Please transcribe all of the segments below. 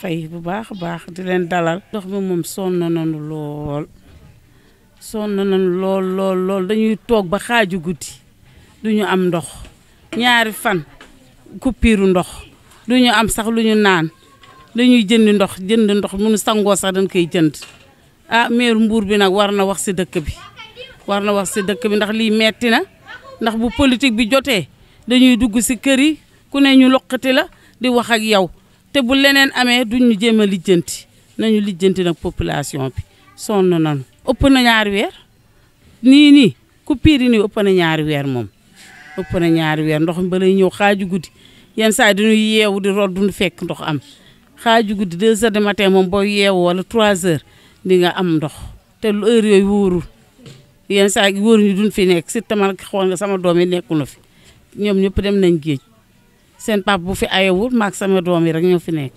fay bu baax a baax di leen dalal. ndox mi moom na nañu lool sonn na lool lool lool dañuy toog ba xaaju guddi du ñu am ndox ñaari fan kuppiiru ndox du am sax lu ñu naan dañuy jënd ndox jënd ndox mënu sangoo sax dañ koy jënd ah maire Mbour bi nag war na wax si dëkk bi war na wax si dëkk bi ndax lii metti na ndax bu politik bi jotee dañuy dugg si kër yi ku ne ñu loqati la di wax ak yow te bu leneen amee duñ ñu jéem a lijjanti nañu lijjanti nag population bi sonn nañu ëpp na ñaari weer nii nii ku piiri nii ëpp na ñaari weer moom ëpp na ñaari weer ndox mi ba lay ñëw xaaju guddi yenn saa yi dañuy yeewu di root duñu fekk ndox am xaaju guddi deux heures du matin moom boo yeewu wala trois heures di nga am ndox te lu heure yooyu wóorul yenn saa yi wóor ñu duñ fi nekk surtout man xool nga sama doom yi nekku na fi ñoom ñëpp dem nañ géej seen pap bu fi ayewul maag sama doom yi rek ñoo fi nekk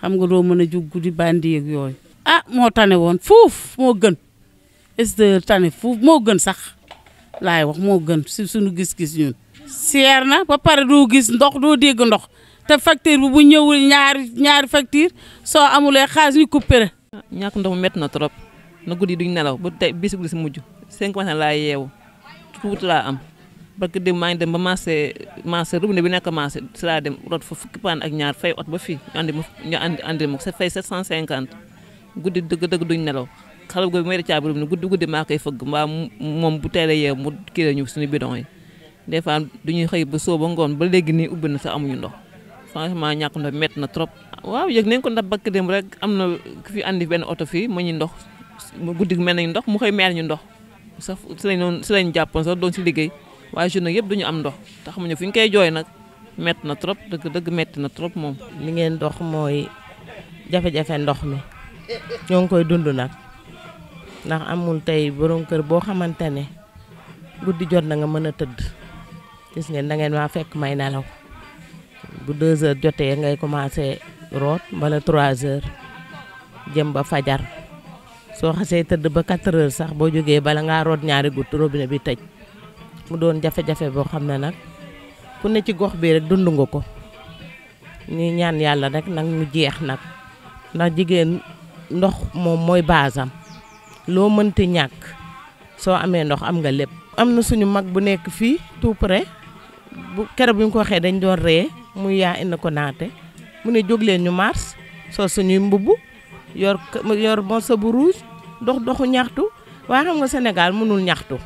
xam nga doo mën a jug guddi bandi ak yooyu. ah moo tane woon fuuf moo gën est tane fuuf moo gën sax laay wax moo gën si suñu gis-gis ñun. seer na ba pare doo gis ndox doo dégg ndox te facture bi bu ñëwul ñaari ñaari facture soo amulee xaalis ñu coupé la. ñàkk ndox mu métti na trop na guddi duñ nelaw bu tey bis si mujj cinq matin laa yeewu tuuti laa am. parce maa ngi dem ba marché marché robinet bi nekk marché si laa dem rot fa fukki paan ak ñaar fay oto ba fii ñu andi ma ñu andi andi ma fay guddi dëgg dëgg duñ nelaw xale boobu mooy da caabi robinet guddi guddi maa koy fëgg mbaa moom bu teelee yeew mu kii la suñu bidon yi des fois duñuy xëy ba soo ngoon ba léegi nii ubbi na sa amuñu ndox franchement ñàkk ndox métti na trop. waaw yëg nañ ko ndax bakk dem rek am na ku fi andi benn oto fii ma ñu ndox guddi mel nañ ndox mu xëy meer ñu ndox sax si lañ doon si lañ jàppoon sax doon si liggéey waaye nag yëpp duñu am ndox te xamuñu fu ñu koy jooy nag metti na trop dëgg dëgg metti na trop moom. li ngeen dox mooy jafe-jafe ndox mi ñoo ngi koy dund nag ndax amul tey borom kër boo xamante ne guddi jot na nga mën a tëdd gis ngeen da ngeen maa fekk may nelaw bu 2 heures jotee ngay commencé root mbala trois heures jëm ba fajar soo xasee tëdd ba 4 heures sax boo jógee bala ngaa root ñaari gudd robinet bi tëj. mu doon jafe-jafe boo xam ne nag ku ne ci gox bi rek dund nga ko ñuy ñaan yàlla rek nag ñu jeex nag ndax jigéen ndox moom mooy baasam loo mënti ñàkk soo amee ndox am nga lépp. am na suñu mag bu nekk fii tout près bu keroog bi ñu ko waxee dañ doon ree muy yaa indi ko naate mu ne jóg leen ñu mars soo suñuy mbubb yor yor bu rouge dox doxu ñaxtu waaye xam nga Sénégal mënul ñaxtu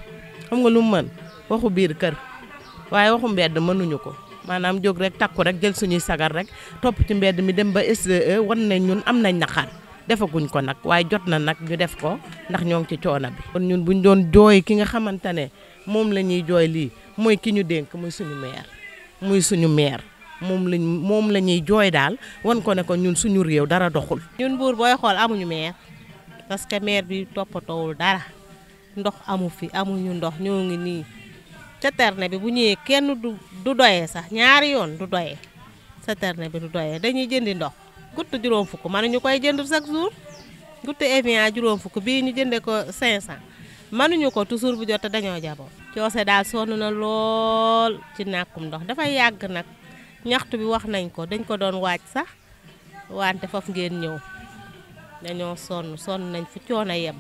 xam nga lu mën. waxu biir kër waaye waxu mbedd mënuñu ko maanaam jóg rek takku rek jël suñuy sagar rek topp ci mbedd mi dem ba SDE wan nañ ñun am nañ naqar defaguñ ko nag waaye jot na nag ñu def ko ndax ñoo ngi ci coono bi. kon ñun buñ doon jooy ki nga xamante ne moom la ñuy jooy lii mooy ki ñu dénk muy suñu maire muy suñu maire moom lañ moom la jooy daal wan ko ne ko ñun suñu réew dara doxul. ñun buur booy xool amuñu maire parce que maire bi toppatoowul dara ndox amu fi amuñu ndox ñoo ngi nii. ca terne bi bu ñëwee kenn du du doyee sax ñaari yoon du doyee sa terne bi du doyee dañuy jëndi ndox gutt juróom fukk mënuñu koy jënd chaque jour gutt Evian juróom fukk bi ñu jëndee ko 500 mënuñu ko toujours bu jot dañoo jaboo coose daal sonn na lool ci nàkkum ndox dafay yàgg nag ñaxtu bi wax nañ ko dañ ko doon waaj sax wante foofu ngeen ñëw dañoo sonn sonn nañ fu coono yem